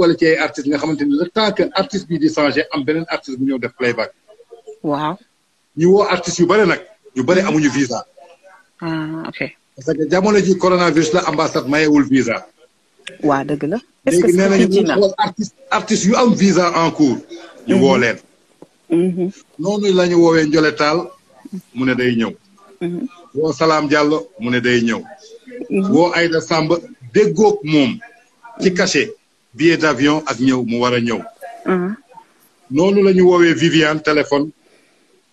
wala ci ay artistes nga xamante ni le temps que artiste bi di changé am beneen artiste bu ñëw def playback. waaw. ñu woo artistes yu bëri nag ñu bëri mm-hmm. amuñu visa. ah ok. parce que jamono ji coronavirus la ambassade mayewul visa. waa dëgg la. est-ce que léegi nee nañu yu am visa en cours. ñu woo mm-hmm. leen. Mm-hmm. noonu la ñu woowee Ndiolé Tall mu ne day ñëw. woo salaam Diallo mu ne day ñëw. woo Aïda sàmb déggoog moom ci kase billet d'avion ak ñëw mu war a ñëw. Uh-huh. noonu la ñu woowee Viviane téléphone.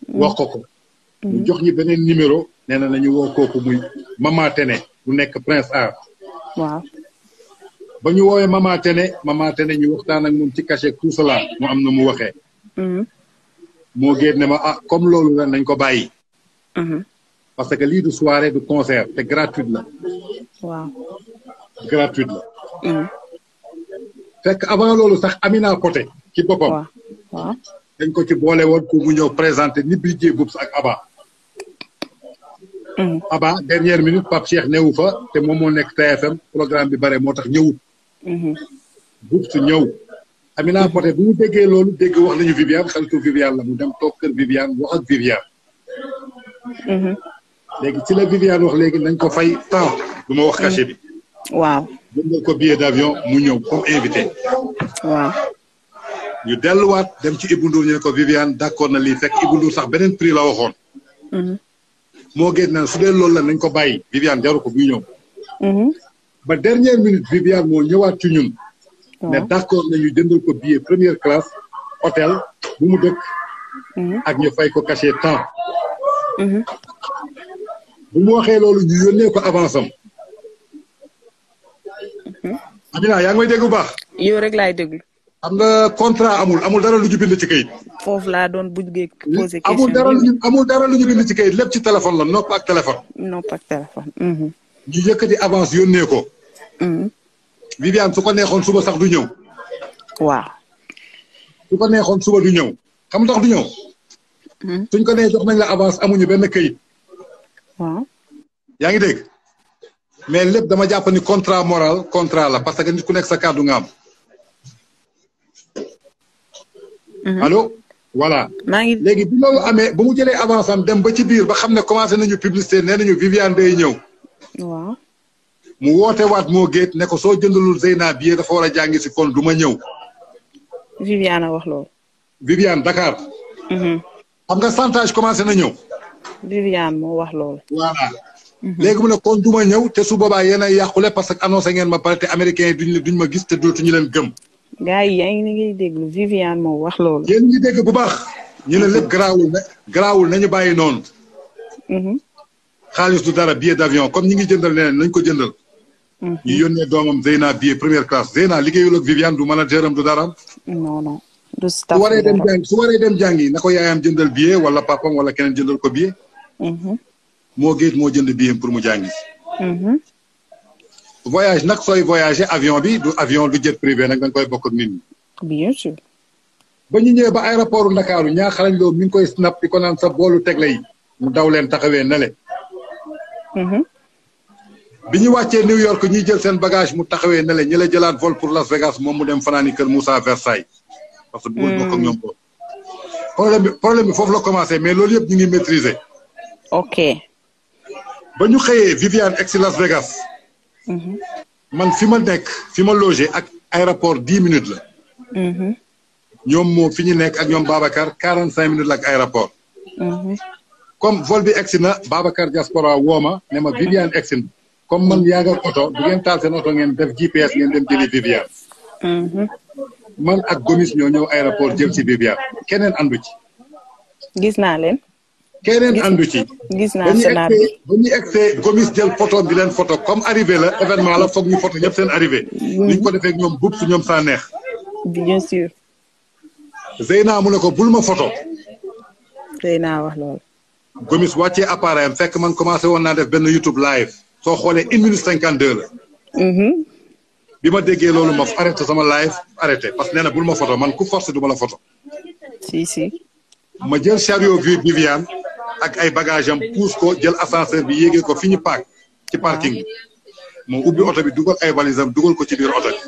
Mm. wax ko ko. Mm. mu jox ñi beneen numéro nee na nañu woo kooku muy Mama Tene mu nekk Prince Art. waaw. ba ñu woowee Mama Tene Mama Tene ñu waxtaan ak moom ci cachet tout cela mu am na mu waxee. Mm-hmm. moo génne ma ah comme loolu la nañ ko bàyyi. Mm-hmm. parce que lii du soirée du concert te gratuite la. waaw gratuite la. fekk avant loolu sax Amina Poté ci boppam. waaw dañ ko ci boole woon ko mu ñëw présenté ni budget Boubs ak Aba. Mm. Aba dernière minute Pape Cheikh newu fa te moom moo nekk TFM programme bi bare moo tax ñëwut. Mm-hmm. Boubs ñëw. Amina mm-hmm. Poté bu mu déggee loolu dégg wax nañu Viviane xaritu Viviane la mu dem toog kër Viviane wax ak Viviane. Mm-hmm. léegi ci la Viviane wax léegi nañ ko fay temps du ma wax cachet bi. waaw ko billet d'avion mu ñëw comme invité. ñu delluwaat dem ci Ibou Ndour ñu ne ko Viviane d'accord na lii fekk Ibou Ndour sax beneen prix la waxoon. Mhm. moo géej na su dee loolu la nañ ko bàyyi Viviane jaru ko buy ñëw. Mhm. ba dernière minute Viviane moo ñëwaat ci ñun. ne d'accord ñu jëndal ko billet première classe hôtel bu mu dëkk. Mhm. ak ñu fay ko cachet temps. bu mu waxee loolu ñu yónnee ko avance am. Amina yaa ngi may dégg bu baax. yow rek laay déglu. xam nga contrat amul amul dara lu ñu bind ci kayit. foofu laa doon buggee posé question amul dara lu amul dara lu ñu ci kayit lépp ci téléphone la nopp ak téléphone. nopp ak téléphone. Mhm. ñu yëkkati avance yónnee ko. Mhm. ko neexoon suba sax du ñëw. waaw. su ko neexoon suba du ñëw xam nga tax du ñëw. Mhm. suñ ko nee jox nañ la avance amuñu benn kayit. waaw. yaa ngi dégg. mais lépp dama jàpp ni contrat moral contrat la parce que nit ku nekk sa kàddu nga am. Mhm. allo. voilà maa ngi léegi bi ba mu jëlee avance dem ba ci biir ba xam ne commencé nañu publicité nee nañu Viviane day ñëw. waaw. mu woote waat moo géet ne ko soo jëndalul Zeyna bi dafa war a jàngi si kon duma ñëw. Viviane a wax loolu. Viviane Dakar. Mhm. xam nga chantage commencé na ñëw. Viviane moo wax loolu. voilà Mhm. léegi mu ne kon du ma ñëw te su boobaa yéen a yàqule parce que annoncé ngeen ma pare te américains yi duñ duñ ma gis te dootuñu leen gëm. gars yi yaa ngi ngi déglu Viviane moo wax loolu. yéen bu baax. ñu ne lépp garaawul na garaawul bàyyi noonu. Mhm. xaalis du dara billet d' avion comme ñi ngi jëndal leneen nañ ko jëndal. Mhm. ñu yónnee doomam Zeyna billet première classe Zeyna liggéeyul ak Viviane du manager am du dara. non non du su waree dem jàngi yi na ko yaayam jëndal billet wala papam wala keneen jëndal ko billet. moo géej moo jënd biyam pour mu jàngi mm-hmm. voyage nag sooy voyager avion bi du avion du jet privé nag da koy bokk nit ñi. ba ñu ñëwee ba aéroport Ndakaaru ñaa xarañ loo mi ngi koy snap di ko naan sa boolu tegle yi mu daw leen taxawee ne le. Mm-hmm. bi ñu wàccee New York ñuy jël seen bagage mu taxawee ne le ñu la jëlaat vol pour Las Vegas moom mu dem fanaani kër Moussa Versailles. parce que bëggoon bokk ak ñoom mm. problème bi problème bi foofu la commencé mais loolu yëpp ñu ngi maîtriser. ba ñu xëyee Viviane egg si Las Vegas. Mm-hmm. man fi ma nekk fi ma ak aéroport dix minutes la. Mm-hmm. ñoom moo fi ñu nekk ak ñoom Babacar quarante cinq minutes la ak aéroport. Mm-hmm. comme vol bi egg si na Babacar diaspora woo ma ne ma Viviane egg si comme man yaa oto du ngeen taal seen oto ngeen def GPS ngeen dem jëli Viviane. man ak Gomis ñoo ñëw aéroport jël si Viviane keneen andu ci. gis leen. keneen àndu gis naa sonar bi ba ñuy egsee gomis jël photo di leen photo comme arrivé la événement la foog ñu photo ñëpp seen arrivé. Mm. ni ko defee ñoom buub su ñoom saa neex. mu ne ko bul ma photo. Zeyna wax loolu. gomis wàccee appareil am fekk man commencé won naa def benn YouTube live soo xoolee une minute cinquante deux la. Mm-hmm. bi ma déggee loolu ma arrêté sama live arrêté parce que nee na bul ma photo man ku force du ma la photo. si si. ma jël chariot bi Viviane. ak ay bagage am puus ko jël ascenseur bi yéegee ko fi ñu paak ci parking bi moo ubbi oto bi dugal ay valisam dugal ko ci biir oto bi.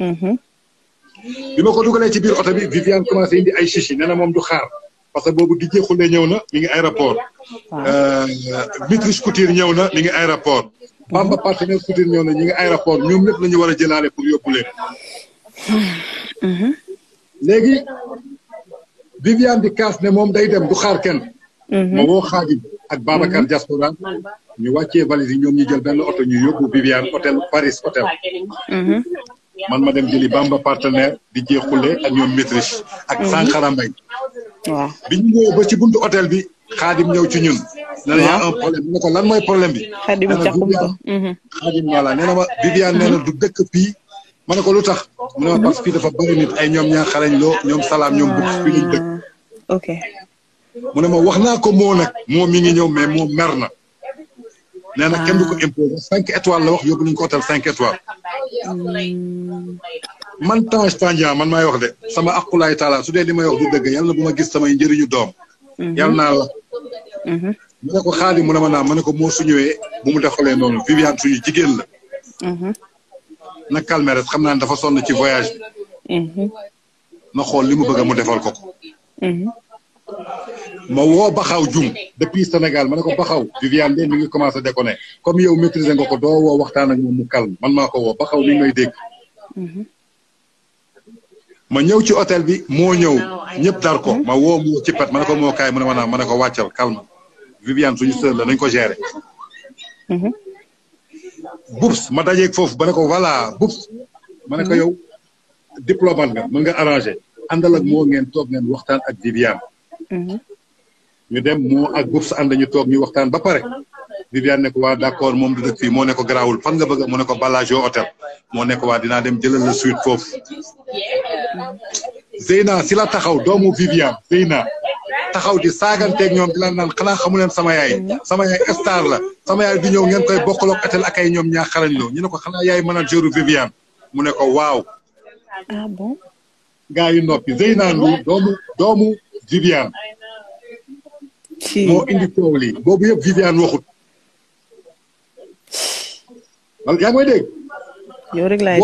Mm-hmm. bi ma ko dugalee ci biir oto bi Viviane commencé indi ay chichi nee na moom du xaar parce que boobu Didier Khoulé ñëw na mi ngi aéroport. Euh, Mitris Couture ñëw na mi ngi aéroport. Bamba partenaire Couture ñëw na ñi ngi aéroport ñoom ñëpp la ñu war a jëlaale pour yóbbu leen. Mm-hmm. léegi Viviane di kaas ne moom day dem du xaar kenn. Mm-hmm. ma woo Xaadim ak Babacar mm-hmm. Diaspora ñu wàccee valise yi ñoom ñu jël benn oto ñu yóbbu Viviane hôtel Paris hôtel. Mm-hmm. man ma dem jëli Bamba partenaire di jeexule ak ñoom maîtrise. ak Sankara Mbaye. waaw bi ba ci buntu hôtel bi Xaadim ñëw ci ñun. waaw nee na un problème ko lan mooy problème bi. Xaadim caqum ko du dëkk fii. ma ne ko lu tax mu ne ma parce que fii dafa bëri ay ñoom ñaar xarañ loo ñoom salaam ñoom bugg fii lañ dëkk. Ah, mu ne ma wax naa ko moo nag moo mi ngi ñëw mais moo mer na nee na kenn du ko ah. imposé cinq étoiles la wax yóbbu nañu ko hôtel cinq étoiles hmm. man Tange Tandian man maay wax de sama aqulaay taala su dee li may wax du dëgg yàlla na bu ma gis samay njëriñu doom hmm. yàlla na la hmm. mu ne mu ne ma naa ma ne ko moo su ñëwee bu mu defalee noonu Viviane suñu jigéen la na calmer xam naa ne dafa sonn ci voyage bi na xool li mu bëgg mu defal ko ko ma woo Baxaw Dioum depuis Sénégal ma ne ko Baxaw Viviane de mi ngi commencé déconné comme yow maîtriser nga ko doo woo waxtaan ak moom mu calme man maa woo Baxaw mi ngi may dégg. ma ñëw ci hôtel bi moo ñëw ñëpp dar ko ma woo mu ci pat ma ne ko moo kaay mu ne ma naa ma ne ko wàccal calme Viviane suñu sœur la nañ ko gérer. Boubs ma dajeeg foofu ba ne ko voilà Boubs. ma ne ko yow diplomate nga mën nga arrangé àndal moo ngeen toog ngeen waxtaan ak Viviane. ñu dem moo ak Boubs a ñu toog ñu waxtaan ba pare Viviane ne ko waa d'accord moom du dëkk fii moo ne ko garaawul fan nga bëgg mu ne ko Bellagio hôtel moo ne ko waa dinaa dem jëlal la suite foofu Zeyna si la taxaw doomu Viviane Zeyna taxaw di saaganteeg ñoom di laan naan xanaa xamu leen sama yaay sama yaay star la sama yaay du ñëw ngeen koy bokkaloog hôtel ak ay ñoom ñaa xarañ loo ñu ne ko xanaa yaay manager Viviane mu ne ko waaw ah bon yi noppi Zeyna Ndour doomu doomu Viviane moo indi coow lii boobu yëpp waxut. yaa ngi may dégg. yow rek laay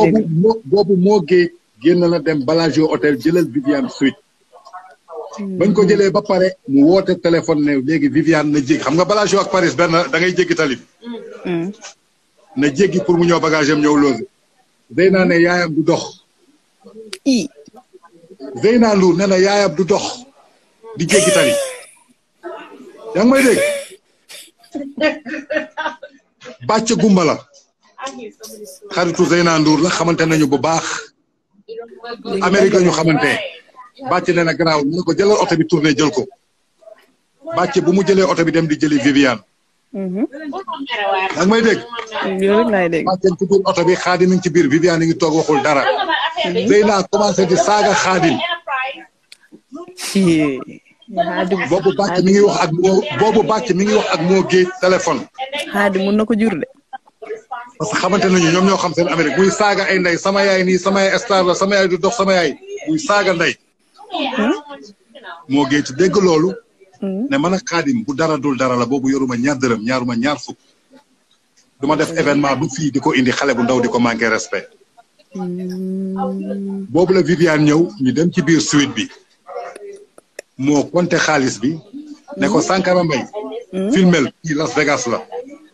dégg na dem Bellagio hôtel jëlal Viviane suite. Hmm. bañ ko jëlee ba pare mu woote téléphone ne léegi Viviane na jéggi xam nga Bellagio ak Paris benn da ngay jéggi tali bi. Hmm. na jéggi pour mu ñëw bagage am ñëw loose. Zeyna ne yaayam du dox. i Zeyna Ndour ne du dox di jéggi yaa ngi may dégg bàcc gumba la xaritu Zeyna Ndour la xamante nañu bu baax Amérique la ñu xamante bàcc nee na garaaw jëlal oto bi tourné jël ko bàcc bu mu jëlee oto bi dem di jëli Viviane. Mm-hmm. yaa may dégg. yow laay dégg bàcc ci biir oto bi xaadim mi ngi ci biir Viviane ngi toog waxul dara. Mm-hmm. Zeyna commencé di saaga xaadim. boobu bàcc mi ngi wax ak moo boobu bàcc mi ngi wax ak moo géej téléphone. xaadi mun na ko jur de. parce que xamante nañu ñoom ñoo xam seen Amérique guy saaga ay ndey sama yaay nii sama yaay star la sama yaay du dox sama yaay muy saaga ndey. moo géej dégg loolu. Hmm? ne man ak xaadim bu dara dul dara la boobu yoruma ñaar dërëm ñaaruma ñaar fukk. du ma def événement bu fii di ko indi xale bu ndaw di ko manqué respect. Hmm. boobu la Viviane ñëw ñu dem ci biir suite bi. moo compté xaalis bi. ne ko Sankara Mbaye. Hmm? filmel ci Las Vegas la.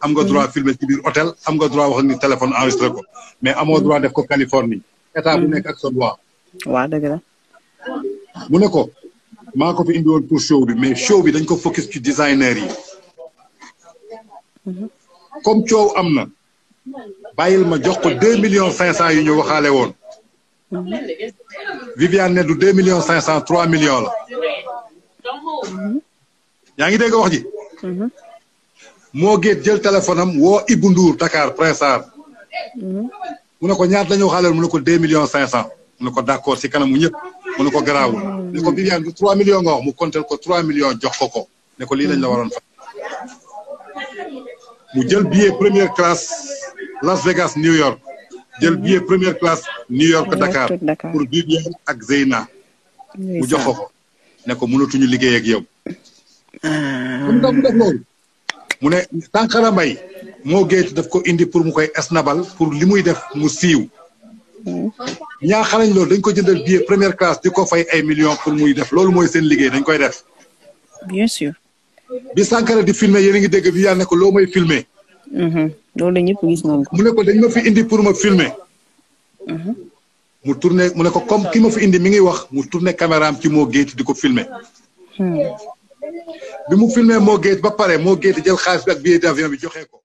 am nga droit hmm? filmer ci biir hôtel am nga droit wax ni téléphone enregistré ko mais amoo hmm? droit def ko Californie. état bu nekk mu ne ko maa ko fi indi woon pour show bi mais show bi dañ ko focus ci designer yi. comme coow am na. bàyyil ma jox ko deux millions cinq cent yi ñu waxaale woon. Viviane ne du deux millions cinq cent trois millions la. yaa ngi dégg wax mhm. moo géet jël téléphone am woo Ibou Ndour Dakar Prince Sarr. Mhm. mu ne ko ñaata la ñu waxaale mu ne ko deux millions cinq cent. mu ne ko d' accord si kanam mu ñëpp mu ne ko garaawul. Mhm. ne ko Viviane du mu compter ko trois millions jox ko ko ne ko lii lañ la waroon fa. mu jël billet première classe Las Vegas New York. jël billet première classe New York Dakar pour Viviane ak Zeyna. mu jox ko ne ko mënatuñu liggéey ak yow. mu mu ne Sankara Mbaye moo géej daf ko indi pour mu koy esnabal pour li muy def mu siiw ñaa xarañ loolu dañ ko jëndal billet première classe di ko fay ay millions pour muy def loolu mooy seen liggéey dañ koy def bien sûr bi Sankara di filmer yéen a ngi dégg bi yàlla ne ko loo may filmer mm-hmm. loolu ñëpp gis nañ ko mu ne ko dañ ma fi indi pour ma filmer mm-hmm. mu turne mu ne ko comme ki ma fi indi mi ngi wax mu tourné caméra am ci moo géej di ko filmer hmm. bi mu filmé Mo Gates ba pare Mo Gates jël xaalis bi ak billet d'avion bi joxe ko.